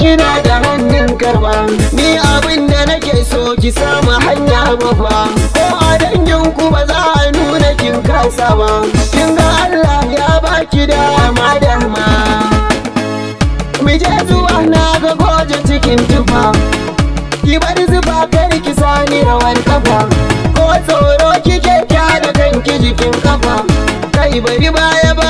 kina da hannun karba ni abin da nake so ki sama hanya babba ko a dangin ku ba za a nuna kin kasa ba kin ga Allah ya baki dama dama mu je zuwa na ga goje cikin tufa ki bar zuba kar ki sani rawan kafa ko tsoro kike da kanki jikin kafa kai bari baya ba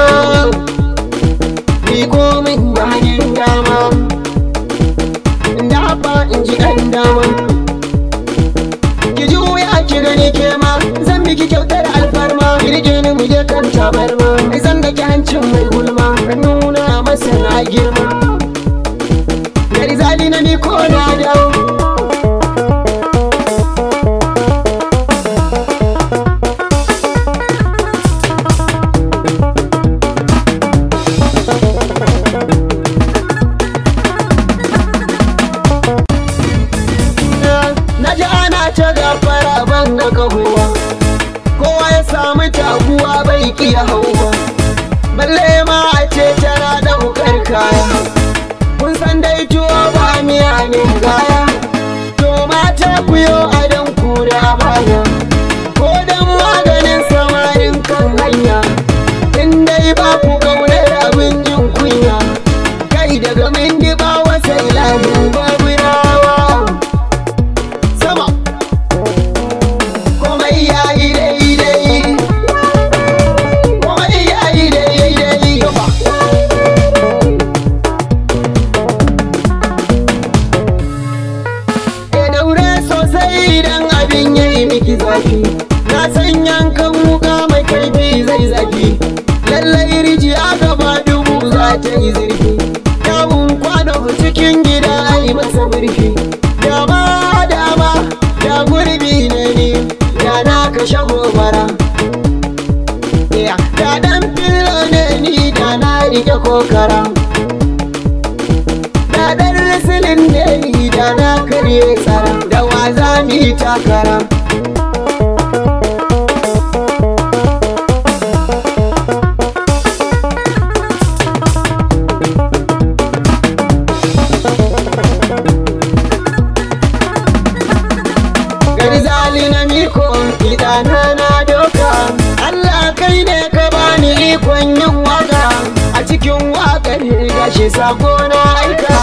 dama in ji ɗan dama ki ji wuya ki gani ke ma zan biki kyautar alfarma kirje ni mu je kan tabarma zan da ki hancin mai gulma nuna masa na girma Dari zali na ni ko na dawo na kahowa kowa ya samu taguwa bai kiya hauwa balle ma a ce da daukar kaya kun san dai Ka san yankan wuka mai kaifi zai zaki. lallai rijiya gaba dubu za ta yi zirfi damun kwano cikin gida yi masa birki dama dama da gurbi ne ni da na kashe gobara da dan filo ne ni da na rike kokara da dan risilin ne ni da na karye tsara da wa za mu yi takara hali na miko idana na doka Allah kai ne ka bani ikon yin waka a cikin wakar gashi sako na aika